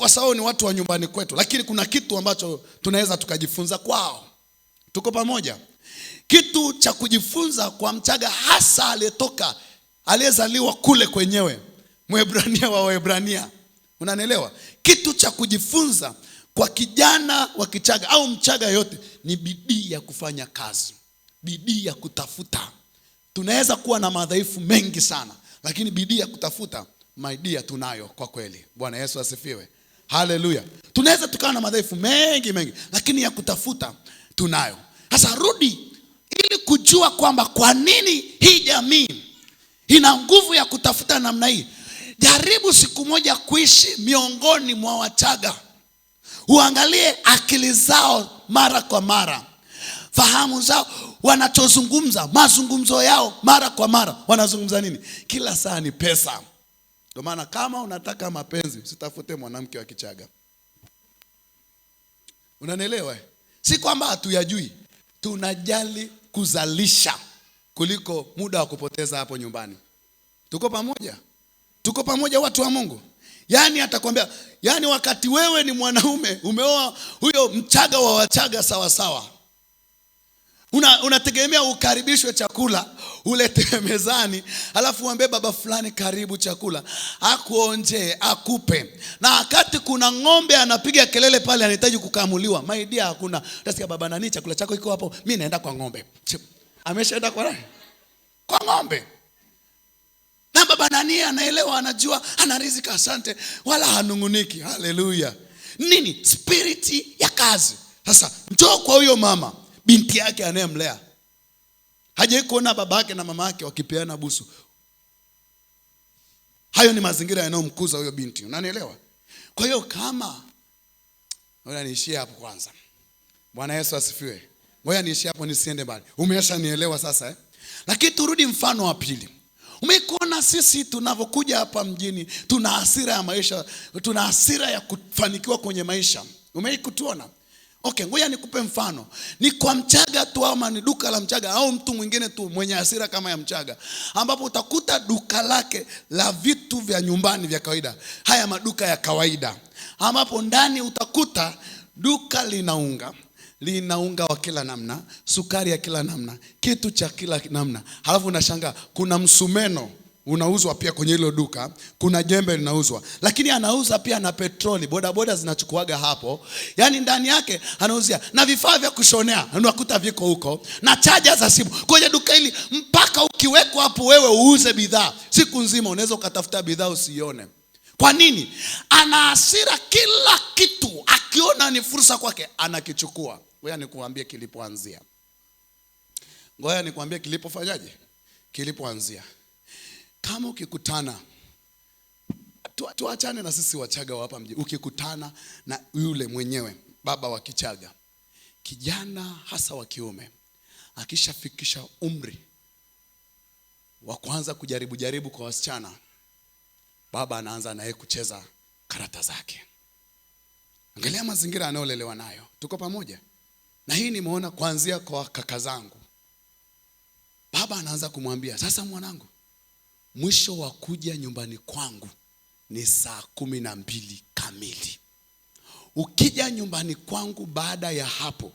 kwa sababu ni watu wa nyumbani kwetu, lakini kuna kitu ambacho tunaweza tukajifunza kwao. Tuko pamoja? Kitu cha kujifunza kwa Mchaga hasa aliyetoka aliyezaliwa kule kwenyewe, Mwebrania wa Waebrania, unanielewa? Kitu cha kujifunza kwa kijana wa Kichaga au Mchaga yote ni bidii ya kufanya kazi, bidii ya kutafuta. Tunaweza kuwa na madhaifu mengi sana, lakini bidii ya kutafuta, maidia tunayo kwa kweli. Bwana Yesu asifiwe. Haleluya. Tunaweza tukawa na madhaifu mengi mengi, lakini ya kutafuta tunayo. Sasa rudi ili kujua kwamba kwa nini hii jamii ina nguvu ya kutafuta namna hii. Jaribu siku moja kuishi miongoni mwa Wachaga, uangalie akili zao mara kwa mara, fahamu zao, wanachozungumza, mazungumzo yao mara kwa mara. Wanazungumza nini? Kila saa ni pesa ndio maana kama unataka mapenzi usitafute mwanamke wa Kichaga. Unanielewa? Eh? Si kwamba hatuyajui, tunajali kuzalisha kuliko muda wa kupoteza hapo nyumbani. Tuko pamoja? Tuko pamoja, watu wa Mungu? Yaani atakwambia, yaani wakati wewe ni mwanaume umeoa huyo Mchaga wa Wachaga, sawa sawa unategemea una ukaribishwe chakula ulete mezani, alafu uambie baba fulani, karibu chakula, akuonje akupe. Na wakati kuna ng'ombe anapiga kelele pale, anahitaji kukamuliwa, maidia hakuna, utasikia baba, nani chakula chako iko hapo? Mi naenda kwa ng'ombe. Ameshaenda kwa nani? Kwa ng'ombe. Na baba nani anaelewa, anajua, anarizika, asante, wala hanung'uniki. Haleluya! Nini? Spiriti ya kazi. Sasa njoo kwa huyo mama binti yake anayemlea. Hajawahi kuona baba yake na mama yake wakipeana busu. Hayo ni mazingira yanayomkuza huyo binti, unanielewa? Kwa hiyo kama ngoja niishie hapo kwanza. Bwana Yesu asifiwe. Ngoja niishie hapo nisiende mbali. Umeshanielewa sasa eh? Lakini turudi mfano wa pili. Umekuona sisi tunavyokuja hapa mjini, tuna hasira ya maisha, tuna hasira ya kufanikiwa kwenye maisha. Umeikutuona Okay, ngoja nikupe mfano. Ni kwa Mchaga tu ama ni duka la Mchaga au mtu mwingine tu mwenye hasira kama ya Mchaga, ambapo utakuta duka lake la vitu vya nyumbani vya kawaida, haya maduka ya kawaida, ambapo ndani utakuta duka linaunga linaunga wa kila namna, sukari ya kila namna, kitu cha kila namna, halafu unashangaa kuna msumeno unauzwa pia kwenye hilo duka, kuna jembe linauzwa, lakini anauza pia na petroli, bodaboda zinachukuaga hapo, yaani ndani yake anauzia na vifaa vya kushonea, yaani unakuta viko huko na chaja za simu kwenye duka hili. Mpaka ukiwekwa hapo wewe uuze bidhaa siku nzima, unaweza ukatafuta bidhaa usione. Kwa nini? Ana hasira, kila kitu akiona ni fursa kwake anakichukua. Ngoja nikuambie kilipoanzia, ngoja nikuambie kilipofanyaje, kilipoanzia kama ukikutana tuachane na sisi Wachaga wa hapa mji. Ukikutana na yule mwenyewe baba wa Kichaga, kijana hasa wa kiume akishafikisha umri wa kuanza kujaribu jaribu kwa wasichana, baba anaanza naye kucheza karata zake. Angalia mazingira anayolelewa nayo, tuko pamoja na hii. Nimeona kuanzia kwa kaka zangu, baba anaanza kumwambia sasa, mwanangu mwisho wa kuja nyumbani kwangu ni saa kumi na mbili kamili. Ukija nyumbani kwangu baada ya hapo,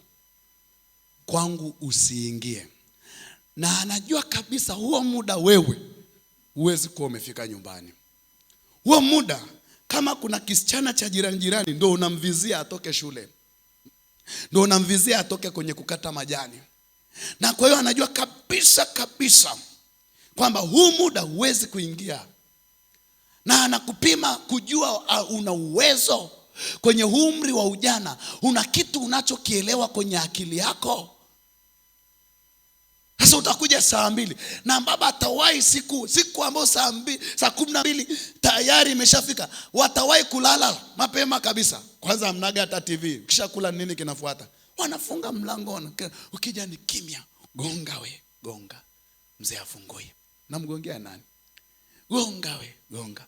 kwangu usiingie. Na anajua kabisa huo muda wewe huwezi kuwa umefika nyumbani. Huo muda kama kuna kisichana cha jirani jirani, ndo unamvizia atoke shule, ndo unamvizia atoke kwenye kukata majani, na kwa hiyo anajua kabisa kabisa kwamba huu muda huwezi kuingia, na anakupima kujua ah, una uwezo kwenye umri wa ujana. Una kitu unachokielewa kwenye akili yako. Sasa utakuja saa mbili na baba atawahi siku siku ambayo saa mbili, saa kumi na mbili tayari imeshafika, watawahi kulala mapema kabisa. Kwanza mnaga hata TV, ukishakula kula nini kinafuata? Wanafunga mlango, ukija ni kimya, gonga we gonga, mzee afungui namgongea nani? Gonga we, gonga.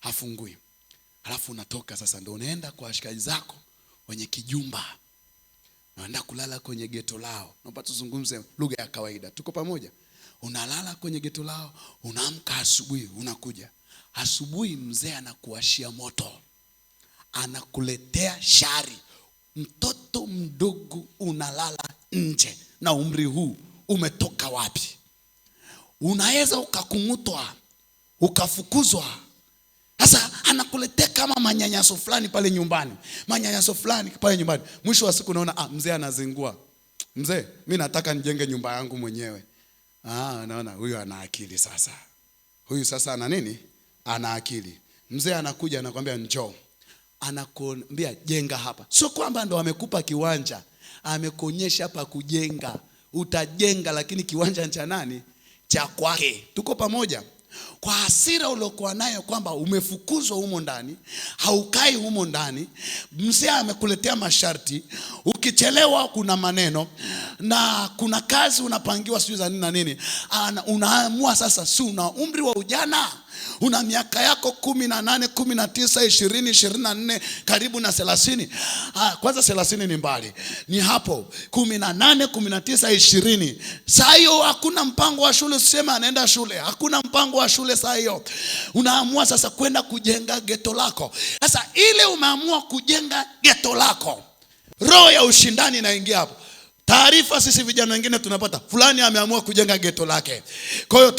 Hafungui. Halafu unatoka sasa, ndio unaenda kwa washikaji zako wenye kijumba, unaenda kulala kwenye geto lao. Naomba tuzungumze lugha ya kawaida, tuko pamoja. Unalala kwenye geto lao, unaamka asubuhi, unakuja asubuhi, mzee anakuashia moto, anakuletea shari. Mtoto mdogo unalala nje na umri huu, umetoka wapi? unaweza ukakung'utwa ukafukuzwa. Sasa anakuletea kama manyanyaso fulani pale nyumbani, manyanyaso fulani pale nyumbani. Mwisho wa siku naona ah, mzee anazingua. Mzee, mi nataka nijenge nyumba yangu mwenyewe. Ah, naona huyu ana akili sasa, huyu sasa ana nini? Ana akili. Mzee anakuja anakwambia njoo, anakuambia jenga hapa. Sio kwamba ndo amekupa kiwanja, amekuonyesha hapa kujenga, utajenga, lakini kiwanja cha nani? cha kwake. Tuko pamoja? Kwa hasira uliokuwa nayo kwamba umefukuzwa humo ndani, haukai humo ndani, mzee amekuletea masharti, ukichelewa kuna maneno na kuna kazi unapangiwa sijui za nini na nini, unaamua sasa, si una umri wa ujana una miaka yako kumi na nane, kumi na tisa, ishirini, ishirini na nne, karibu na thelathini. Ah, kwanza thelathini ni mbali, ni hapo kumi na nane, kumi na tisa, ishirini. Saa hiyo hakuna mpango wa shule, usisema anaenda shule, hakuna mpango wa shule. Saa hiyo unaamua sasa kwenda kujenga geto lako. Sasa ile umeamua kujenga geto lako, roho ya ushindani inaingia hapo. Taarifa sisi vijana wengine tunapata fulani ameamua kujenga geto lake. Kwa hiyo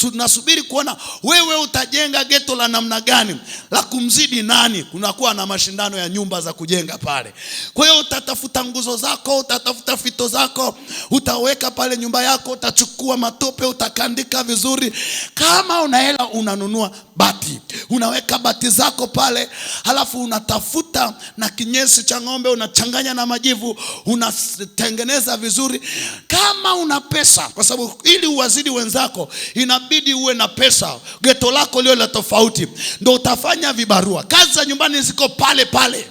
tunasubiri kuona wewe utajenga geto la namna gani, la kumzidi nani. Kunakuwa na mashindano ya nyumba za kujenga pale. Kwa hiyo utatafuta nguzo zako, utatafuta fito zako, utaweka pale nyumba yako, utachukua matope, utakandika vizuri. Kama unahela unanunua bati, unaweka bati zako pale, halafu unatafuta na kinyesi cha ng'ombe, unachanganya na majivu, unatengeneza kujieleza vizuri. Kama una pesa, kwa sababu ili uwazidi wenzako inabidi uwe na pesa. Geto lako lio la tofauti, ndo utafanya vibarua. Kazi za nyumbani ziko pale pale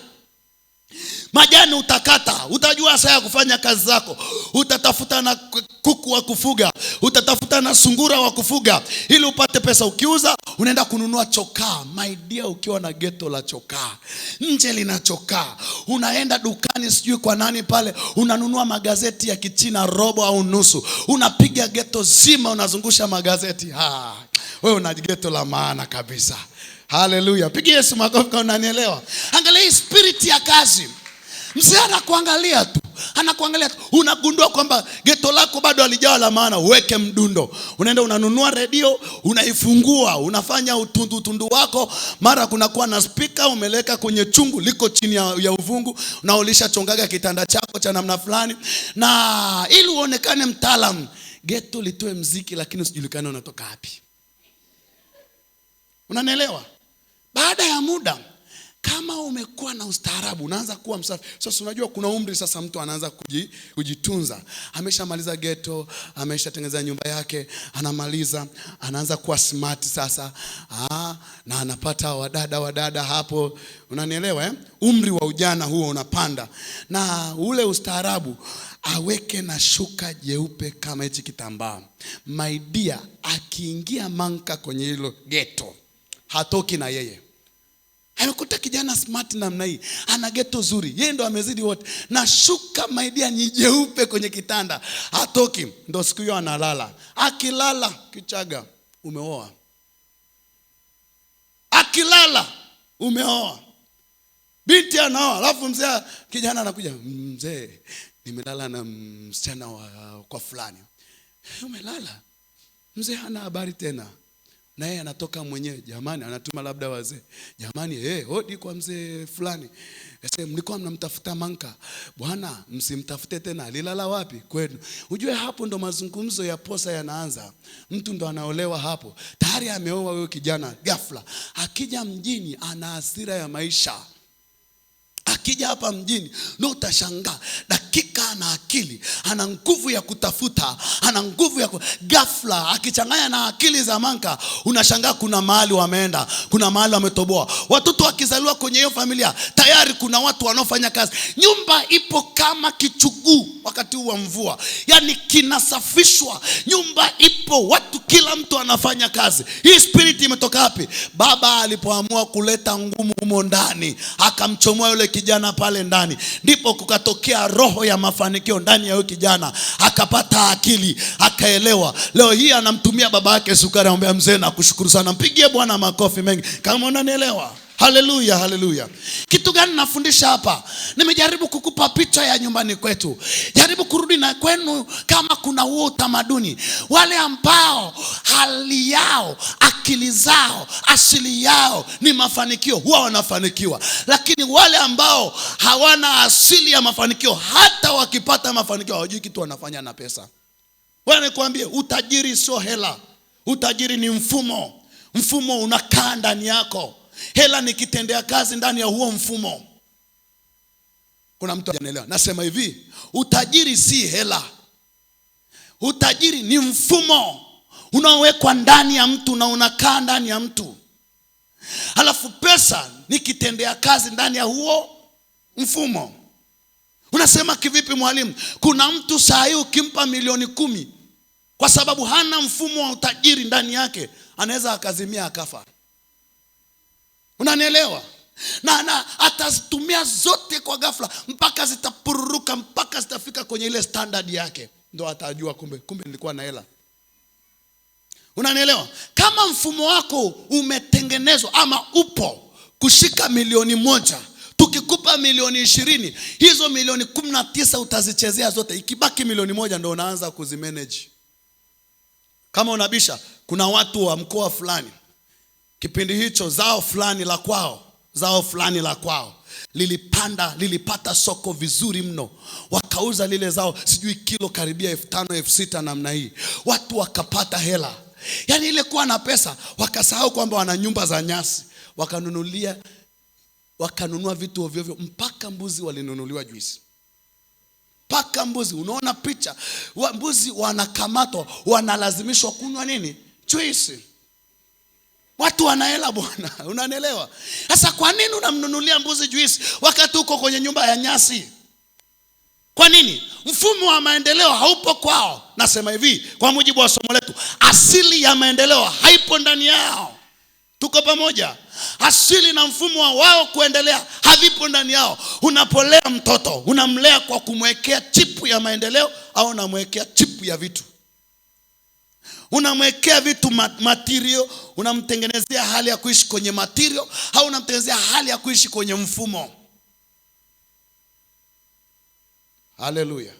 majani utakata, utajua saa ya kufanya kazi zako, utatafuta na kuku wa kufuga, utatafuta na sungura wa kufuga ili upate pesa. Ukiuza unaenda kununua chokaa. My dear, ukiwa na geto la chokaa nje lina chokaa, unaenda dukani sijui kwa nani pale, unanunua magazeti ya Kichina robo au nusu, unapiga geto zima, unazungusha magazeti. Ha, wewe una geto la maana kabisa. Haleluya, pigi Yesu makofi kama unanielewa. Angalia hii spiriti ya kazi Mzee anakuangalia tu, anakuangalia tu, unagundua kwamba geto lako bado alijawa la maana. Uweke mdundo, unaenda unanunua redio, unaifungua, unafanya utundu wako, mara kunakuwa na spika umeleka kwenye chungu liko chini ya, ya uvungu, na ulishachongaga kitanda chako cha namna fulani, na ili uonekane mtaalam geto litoe mziki, lakini usijulikane unatoka wapi. Unanielewa? Baada ya muda kama umekuwa na ustaarabu, unaanza kuwa msafi sasa. Unajua kuna umri sasa, mtu anaanza kujitunza. Ameshamaliza geto, ameshatengeneza nyumba yake, anamaliza, anaanza kuwa smart sasa. Aa, ah, na anapata wadada wadada hapo, unanielewa eh? Umri wa ujana huo unapanda, na ule ustaarabu aweke na shuka jeupe kama hichi kitambaa. My dear, akiingia manka kwenye hilo geto hatoki na yeye amekuta kijana smart namna hii, ana geto zuri, yeye ndo amezidi wote, na shuka maidia ni jeupe kwenye kitanda, hatoki. Ndo siku hiyo analala, akilala Kichaga umeoa, akilala umeoa, binti anaoa, alafu mzee kijana anakuja, mzee, nimelala na msichana wa kwa fulani. Umelala? Mzee hana habari tena na yeye anatoka mwenyewe, jamani, anatuma labda wazee, jamani, hey, eh, hodi kwa mzee fulani, mlikuwa mnamtafuta manka, bwana, msimtafute tena, alilala wapi kwenu. Ujue hapo ndo mazungumzo ya posa yanaanza, mtu ndo anaolewa hapo, tayari ameoa wewe kijana. Ghafla akija mjini, ana asira ya maisha, akija hapa mjini ndo utashangaa dakika kaa na akili, ana nguvu ya kutafuta, ana nguvu ya ghafla, akichanganya na akili za manka, unashangaa kuna mahali wameenda, kuna mahali wametoboa. Watoto wakizaliwa kwenye hiyo familia, tayari kuna watu wanaofanya kazi. Nyumba ipo kama kichuguu wakati wa mvua, yani kinasafishwa. Nyumba ipo, watu, kila mtu anafanya kazi. Hii spirit imetoka wapi? Baba alipoamua kuleta ngumu humo ndani, akamchomoa yule kijana pale ndani, ndipo kukatokea roho ya mafanikio ndani ya huyo kijana, akapata akili, akaelewa. Leo hii anamtumia baba yake sukari, anamwambia mzee, nakushukuru sana, mpigie Bwana makofi mengi kama unanielewa. Haleluya, haleluya. Kitu gani nafundisha hapa? Nimejaribu kukupa picha ya nyumbani kwetu. Jaribu kurudi na kwenu, kama kuna huo utamaduni, wale ambao hali yao, akili zao, asili yao ni mafanikio, huwa wanafanikiwa, lakini wale ambao hawana asili ya mafanikio, hata wakipata mafanikio hawajui kitu wanafanya na pesa. Wewe nikuambie, utajiri sio hela. Utajiri ni mfumo, mfumo unakaa ndani yako hela ni kitendea kazi ndani ya huo mfumo. Kuna mtu anaelewa? Nasema hivi, utajiri si hela, utajiri ni mfumo unaowekwa ndani ya mtu na unakaa ndani ya mtu, halafu pesa ni kitendea kazi ndani ya huo mfumo. Unasema kivipi mwalimu? Kuna mtu saa hii ukimpa milioni kumi, kwa sababu hana mfumo wa utajiri ndani yake, anaweza akazimia akafa unanielewa? Na, na atazitumia zote kwa ghafla mpaka zitapururuka mpaka zitafika kwenye ile standard yake, ndo atajua kumbe, kumbe nilikuwa na hela. Unanielewa? Kama mfumo wako umetengenezwa ama upo kushika milioni moja, tukikupa milioni ishirini, hizo milioni kumi na tisa utazichezea zote, ikibaki milioni moja ndo unaanza kuzimeneji. Kama unabisha, kuna watu wa mkoa fulani Kipindi hicho zao fulani la kwao, zao fulani la kwao lilipanda lilipata soko vizuri mno, wakauza lile zao sijui kilo karibia elfu tano elfu sita namna hii, watu wakapata hela, yani ile kuwa na pesa, wakasahau kwamba wana nyumba za nyasi, wakanunulia wakanunua vitu ovyo ovyo, mpaka mbuzi walinunuliwa juisi mpaka mbuzi. Unaona picha, mbuzi wanakamatwa wanalazimishwa kunywa nini? Juisi. Watu wanaela bwana, unanielewa? Sasa kwa nini unamnunulia mbuzi juisi wakati uko kwenye nyumba ya nyasi? Kwa nini? Mfumo wa maendeleo haupo kwao. Nasema hivi kwa mujibu wa somo letu, asili ya maendeleo haipo ndani yao. Tuko pamoja? Asili na mfumo wa wao kuendelea havipo ndani yao. Unapolea mtoto unamlea kwa kumwekea chipu ya maendeleo au unamwekea chipu ya vitu? Unamwekea vitu matirio, unamtengenezea hali ya kuishi kwenye matirio au unamtengenezea hali ya kuishi kwenye mfumo? Haleluya!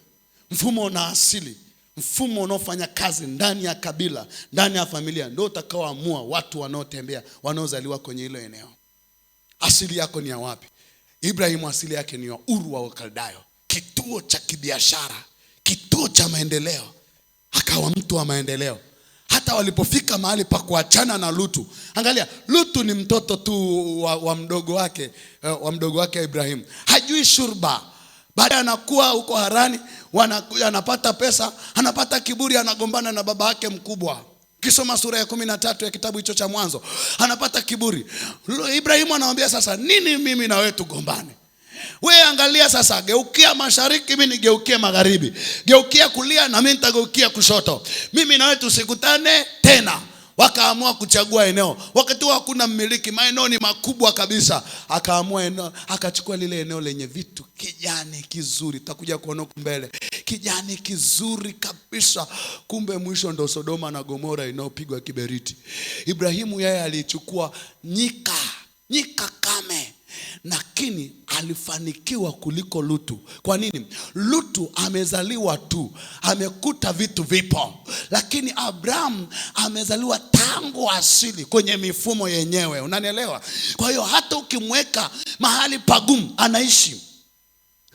Mfumo na asili, mfumo unaofanya kazi ndani ya kabila, ndani ya familia, ndio utakaoamua watu wanaotembea, wanaozaliwa kwenye hilo eneo. Asili yako ni ya wapi? Ibrahimu asili yake ni ya Uru wa Wakaldayo, kituo cha kibiashara, kituo cha maendeleo akawa mtu wa maendeleo. Hata walipofika mahali pa kuachana na Lutu, angalia, Lutu ni mtoto tu wa, wa mdogo wake eh, wa mdogo wake Ibrahimu, hajui shurba. Baadaye anakuwa huko Harani, wanakuja, anapata pesa, anapata kiburi, anagombana na baba yake mkubwa Ukisoma sura ya kumi na tatu ya kitabu hicho cha Mwanzo, anapata kiburi. Ibrahimu anamwambia sasa, nini mimi na wewe tugombane? We angalia sasa, geukia mashariki, mi nigeukie magharibi, geukia kulia na mi nitageukia kushoto, mimi wewe tusikutane tena. Wakaamua kuchagua eneo, wakati huo hakuna mmiliki, maeneo ni makubwa kabisa. Akaamua eneo, akachukua lile eneo lenye vitu kijani kizuri, takuja kuona mbele, kijani kizuri kabisa. Kumbe mwisho ndo Sodoma na Gomora inayopigwa kiberiti. Ibrahimu yeye alichukua nyika, nyika kame, lakini alifanikiwa kuliko Lutu. Kwa nini? Lutu amezaliwa tu, amekuta vitu vipo, lakini Abrahamu amezaliwa tangu asili kwenye mifumo yenyewe, unanielewa? Kwa hiyo hata ukimweka mahali pagumu anaishi,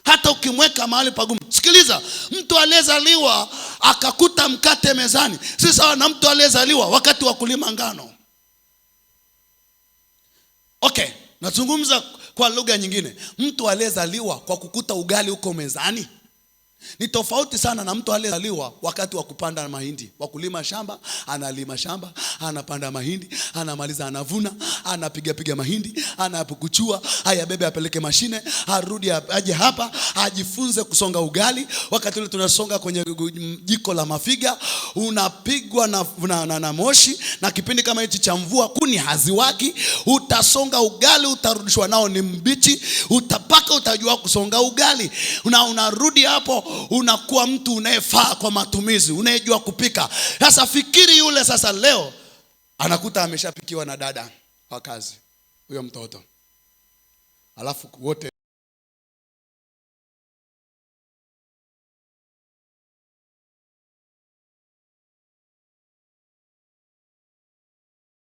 hata ukimweka mahali pagumu. Sikiliza, mtu aliyezaliwa akakuta mkate mezani si sawa na mtu aliyezaliwa wakati wa kulima ngano. Okay, nazungumza kwa lugha nyingine, mtu aliyezaliwa kwa kukuta ugali uko mezani ni tofauti sana na mtu aliyezaliwa wakati wa kupanda mahindi, wa kulima shamba, analima shamba, anapanda mahindi, anamaliza, anavuna, anapiga piga mahindi, anapukuchua, ayabebe, apeleke mashine, arudi, aje hapa, ajifunze kusonga ugali. Wakati ule tunasonga kwenye jiko la mafiga, unapigwa na, na, na, na moshi, na kipindi kama hichi cha mvua, kuni haziwaki. Utasonga ugali, utarudishwa nao ni mbichi, utapaka, utajua kusonga ugali, na unarudi hapo unakuwa mtu unayefaa kwa matumizi, unayejua kupika. Sasa fikiri yule sasa leo anakuta ameshapikiwa na dada wa kazi, huyo mtoto, alafu wote